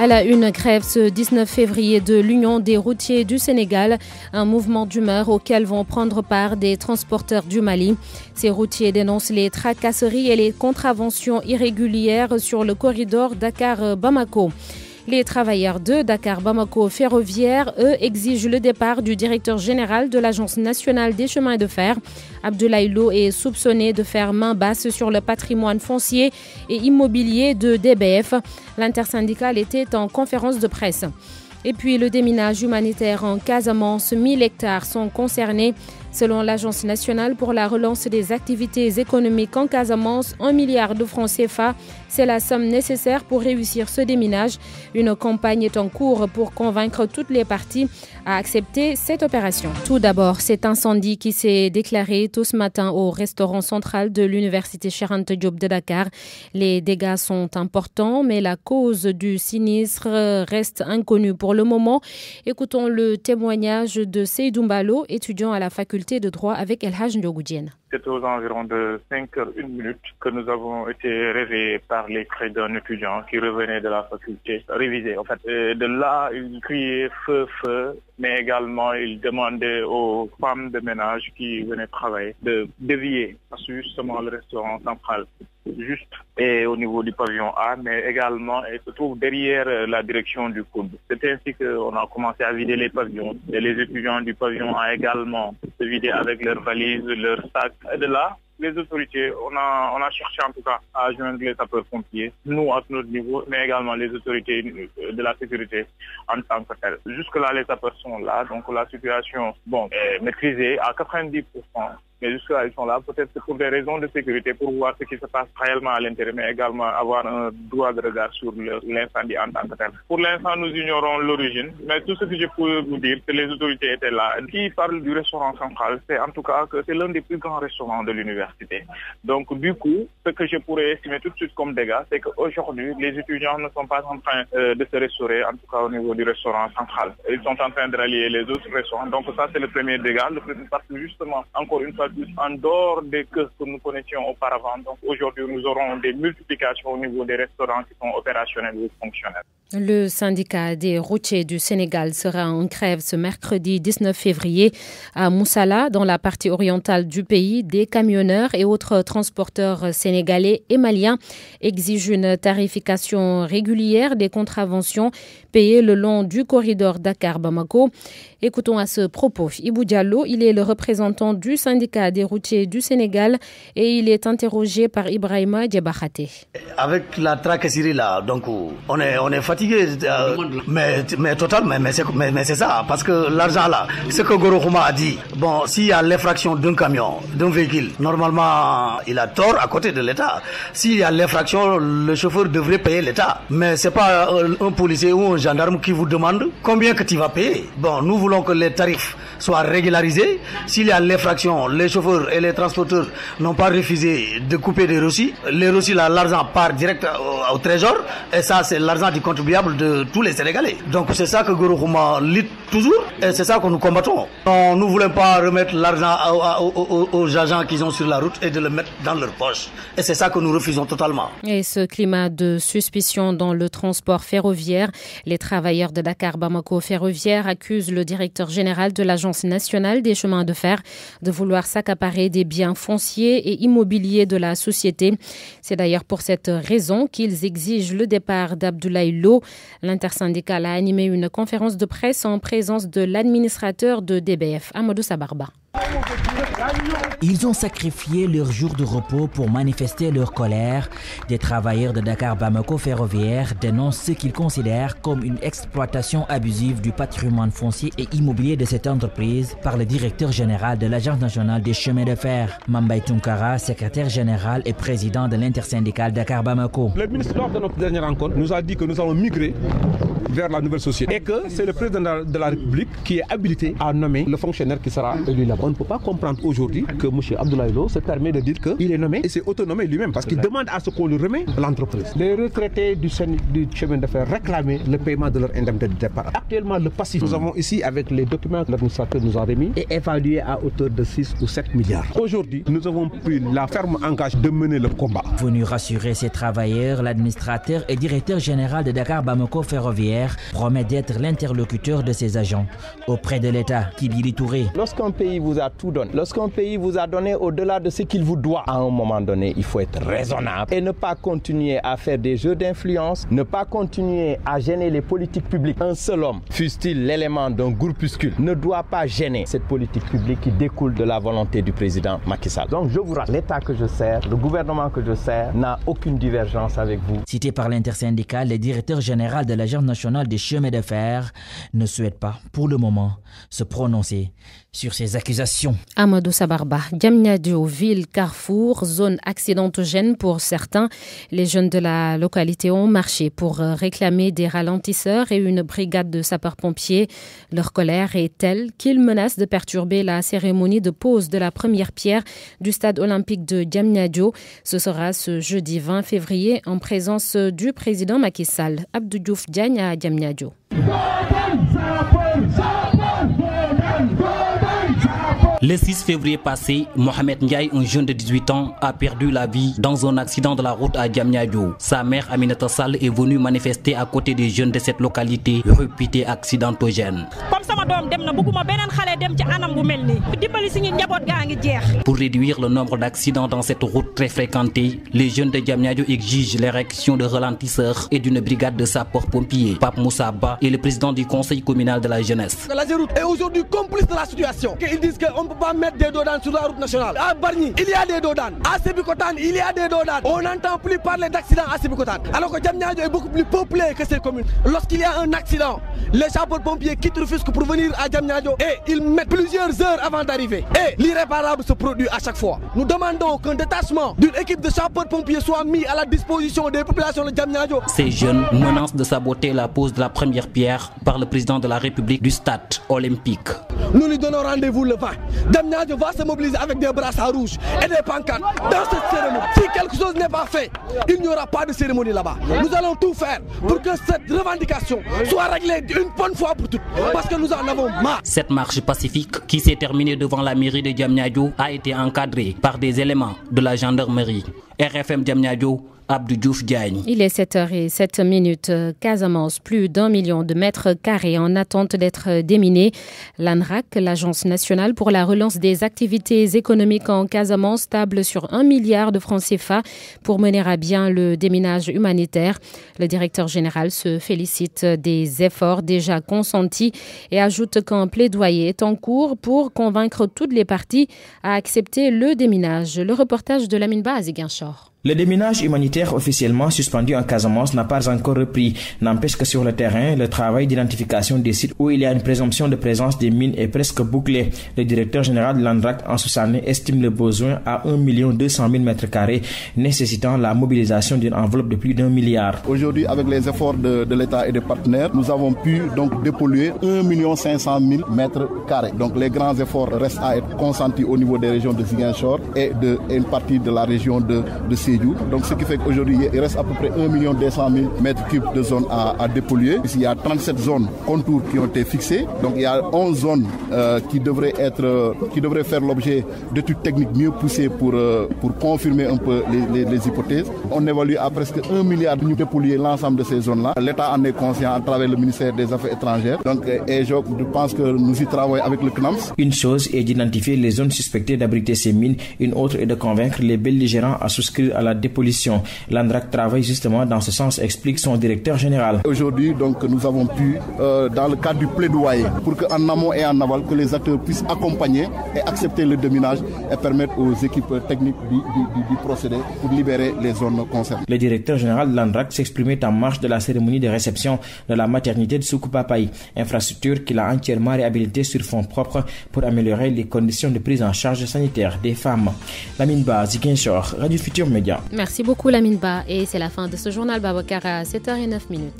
À la une grève ce 19 février de l'Union des routiers du Sénégal, un mouvement d'humeur auquel vont prendre part des transporteurs du Mali. Ces routiers dénoncent les tracasseries et les contraventions irrégulières sur le corridor Dakar-Bamako. Les travailleurs de Dakar Bamako Ferroviaire, eux, exigent le départ du directeur général de l'Agence nationale des chemins de fer. Abdoulaye Lo est soupçonné de faire main basse sur le patrimoine foncier et immobilier de DBF. L'intersyndicale était en conférence de presse. Et puis le déminage humanitaire en Casamance, 1000 hectares sont concernés. Selon l'Agence nationale pour la relance des activités économiques en Casamance, un milliard de francs CFA, c'est la somme nécessaire pour réussir ce déminage. Une campagne est en cours pour convaincre toutes les parties à accepter cette opération. Tout d'abord, cet incendie qui s'est déclaré tout ce matin au restaurant central de l'université Charente Diop de Dakar. Les dégâts sont importants, mais la cause du sinistre reste inconnue pour le moment. Écoutons le témoignage de Seydoumbalo, étudiant à la faculté de droit avec El C'est aux environs de 5 h 1 minute que nous avons été réveillés par les cris d'un étudiant qui revenait de la faculté révisée. En fait, euh, de là, il criait feu, feu, mais également il demandait aux femmes de ménage qui venaient travailler de dévier, justement le restaurant central juste et au niveau du pavillon A, mais également elle se trouve derrière euh, la direction du coude. C'est ainsi qu'on a commencé à vider les pavillons. les étudiants du pavillon A également se vidaient avec leurs valises, leurs sacs. Et de là, les autorités, on a, cherché en tout cas à joindre les sapeurs-pompiers, nous à notre niveau, mais également les autorités euh, de la sécurité en tant que telles. Jusque-là, les sapeurs sont là, donc la situation est maîtrisée à 90%. Mais jusque-là, ils sont là, peut-être pour des raisons de sécurité, pour voir ce qui se passe réellement à l'intérieur, mais également avoir un droit de regard sur l'incendie en tant que tel. Pour l'instant, nous ignorons l'origine, mais tout ce que je peux vous dire, c'est que les autorités étaient là. Qui parle du restaurant central, c'est en tout cas que c'est l'un des plus grands restaurants de l'université. Donc, du coup, ce que je pourrais estimer tout de suite comme dégâts, c'est qu'aujourd'hui, les étudiants ne sont pas en train euh, de se restaurer, en tout cas au niveau du restaurant central. Ils sont en train de rallier les autres restaurants. Donc, ça, c'est le premier dégât, le parce justement, encore une fois, en dehors de ce que nous connaissions auparavant. Donc aujourd'hui, nous aurons des multiplications au niveau des restaurants qui sont opérationnels ou fonctionnels. Le syndicat des routiers du Sénégal sera en crève ce mercredi 19 février à Moussala, dans la partie orientale du pays. Des camionneurs et autres transporteurs sénégalais et maliens exigent une tarification régulière des contraventions payées le long du corridor Dakar-Bamako. Écoutons à ce propos Ibou Diallo, il est le représentant du syndicat a des routiers du Sénégal et il est interrogé par Ibrahima Djebahate. Avec la traque là, donc on est, on est fatigué, euh, mais, mais total, mais, mais c'est ça, parce que l'argent là, ce que Gorohuma a dit, bon, s'il y a l'effraction d'un camion, d'un véhicule, normalement il a tort à côté de l'État. S'il y a l'effraction, le chauffeur devrait payer l'État. Mais c'est pas euh, un policier ou un gendarme qui vous demande combien que tu vas payer. Bon, nous voulons que les tarifs soient régularisés. S'il y a l'effraction, les chauffeurs et les transporteurs n'ont pas refusé de couper des reçus. Les reçus, l'argent part direct au, trésor et ça, c'est l'argent du contribuable de tous les Sénégalais. Donc c'est ça que Gouroukouma lit toujours et c'est ça que nous combattons. On, nous ne voulons pas remettre l'argent aux, agents qu'ils ont sur la route et de le mettre dans leur poche. Et c'est ça que nous refusons totalement. Et ce climat de suspicion dans le transport ferroviaire, les travailleurs de Dakar Bamako Ferroviaire accusent le directeur général de l'Agence nationale des chemins de fer de vouloir s'accorder accaparer des biens fonciers et immobiliers de la société. C'est d'ailleurs pour cette raison qu'ils exigent le départ d'Abdoulaye Lo. L'intersyndicale a animé une conférence de presse en présence de l'administrateur de DBF, Amadou Sabarba. Ils ont sacrifié leurs jours de repos pour manifester leur colère. Des travailleurs de Dakar Bamako Ferroviaire dénoncent ce qu'ils considèrent comme une exploitation abusive du patrimoine foncier et immobilier de cette entreprise par le directeur général de l'Agence nationale des chemins de fer, Mambay Tunkara, secrétaire général et président de l'intersyndicale Dakar Bamako. Le ministre, lors de notre dernière rencontre, nous a dit que nous allons migrer vers la nouvelle société. Et que c'est le président de la République qui est habilité à nommer le fonctionnaire qui sera élu là-bas. On ne peut pas comprendre aujourd'hui que M. Abdoulaye Lo se permet de dire qu'il est nommé et c'est autonomé lui-même parce qu'il demande à ce qu'on lui remet l'entreprise. Les retraités du, chemin de fer réclamaient le paiement de leur indemnité de départ. Actuellement, le passif, nous hmm. avons ici avec les documents que l'administrateur nous a remis, est évalué à hauteur de 6 ou 7 milliards. Aujourd'hui, nous avons pris la ferme engage de mener le combat. Venu rassurer ses travailleurs, l'administrateur et directeur général de Dakar Bamako Ferroviaire promet d'être l'interlocuteur de ses agents auprès de l'État. qui Kibili Touré. Lorsqu'un pays vous a tout donné, lorsqu'un pays vous a donné au-delà de ce qu'il vous doit, à un moment donné, il faut être raisonnable et ne pas continuer à faire des jeux d'influence, ne pas continuer à gêner les politiques publiques. Un seul homme, fût-il l'élément d'un groupuscule, ne doit pas gêner cette politique publique qui découle de la volonté du président Macky Sall. Donc je vous rappelle, l'État que je sers, le gouvernement que je sers, n'a aucune divergence avec vous. Cité par l'intersyndicale, le directeur général de l'Agence nationale des chemins de fer ne souhaite pas, pour le moment, se prononcer sur ces accusations. Amadou Sabarba, Diamniadio, ville Carrefour, zone accidentogène pour certains. Les jeunes de la localité ont marché pour euh, réclamer des ralentisseurs et une brigade de sapeurs-pompiers. Leur colère est telle qu'ils menacent de perturber la cérémonie de pose de la première pierre du stade olympique de Diamniadio. Ce sera ce jeudi 20 février en présence du président Macky Sall. Abdou Diouf Diagne Jamnyajo. Jordan, Sarah, Sarah. Le 6 février passé, Mohamed Ndiaye, un jeune de 18 ans, a perdu la vie dans un accident de la route à Diamniadio. Sa mère Aminata Sall est venue manifester à côté des jeunes de cette localité réputée accidentogène. Pour réduire le nombre d'accidents dans cette route très fréquentée, les jeunes de Diamniadio exigent l'érection de ralentisseurs et d'une brigade de sapeurs-pompiers. Pape Moussa Ba est le président du conseil communal de la jeunesse. La est aujourd'hui complice de la situation peut pas mettre des dodans sur la route nationale. À il y a des dodans. À il y a des dodans. On n'entend plus parler d'accident à Sébicotan. Alors que Djamnyadjo est beaucoup plus peuplé que ces communes. Lorsqu'il y a un accident, les chapeaux pompiers quittent le fusque pour venir à Djamnyadjo et ils mettent plusieurs heures avant d'arriver. Et l'irréparable se produit à chaque fois. Nous demandons qu'un détachement d'une équipe de chapeaux pompiers soit mis à la disposition des populations de Djamnyadjo. Ces jeunes menacent de saboter la pose de la première pierre par le président de la République du stade olympique. Nous lui donnons rendez-vous le 20. Damnyadjo va se mobiliser avec des brassards rouges et des pancartes dans cette cérémonie. Si quelque chose n'est pas fait, il n'y aura pas de cérémonie là-bas. Nous allons tout faire pour que cette revendication soit réglée une bonne fois pour toutes, parce que nous en avons marre. Cette marche pacifique qui s'est terminée devant la mairie de Diamniadio a été encadrée par des éléments de la gendarmerie. RFM Demnado, Abdou Il est 7h07 minutes. Euh, Casamance, plus d'un million de mètres carrés en attente d'être déminés. L'ANRAC, l'Agence nationale pour la relance des activités économiques en Casamance, table sur un milliard de francs CFA pour mener à bien le déminage humanitaire. Le directeur général se félicite des efforts déjà consentis et ajoute qu'un plaidoyer est en cours pour convaincre toutes les parties à accepter le déminage. Le reportage de Lamine Ba à Oh, Le déminage humanitaire officiellement suspendu en Casamance n'a pas encore repris. N'empêche que sur le terrain, le travail d'identification des sites où il y a une présomption de présence des mines est presque bouclé. Le directeur général de l'ANDRAC en Soussané estime le besoin à 1,2 million 000 m carrés, nécessitant la mobilisation d'une enveloppe de plus d'un milliard. Aujourd'hui, avec les efforts de, l'État et des partenaires, nous avons pu donc dépolluer 1,5 million 000 mètres carrés. Donc les grands efforts restent à être consentis au niveau des régions de Ziguinchor et de une partie de la région de, de donc ce qui fait qu'aujourd'hui, il reste à peu près 1,2 million 200 mètres cubes de zones à, dépolluer. il y a 37 zones contours qui ont été fixées. Donc il y a 11 zones euh, qui devraient être, euh, qui devraient faire l'objet d'études techniques mieux poussées pour, euh, pour confirmer un peu les, hypothèses. On évalue à presque 1 milliard de dépolluer l'ensemble de ces zones-là. L'État en est conscient à travers le ministère des Affaires étrangères. Donc, et je pense que nous y travaillons avec le CNAMS. Une chose est d'identifier les zones suspectées d'abriter ces mines, une autre est de convaincre les belligérants à souscrire à à la dépollution. L'ANDRAC travaille justement dans ce sens, explique son directeur général. Aujourd'hui, donc, nous avons pu, euh, dans le cadre du plaidoyer, pour qu'en amont et en aval, que les acteurs puissent accompagner et accepter le déminage et permettre aux équipes techniques de procéder procédé pour libérer les zones concernées. Le directeur général de l'ANDRAC s'exprimait en marge de la cérémonie de réception de la maternité de Soukoupapay, infrastructure qu'il a entièrement réhabilitée sur fonds propres pour améliorer les conditions de prise en charge sanitaire des femmes. Lamine Ba, Radio Futur Média. Merci beaucoup Lamine Ba et c'est la fin de ce journal Babokara à 7h09 minutes.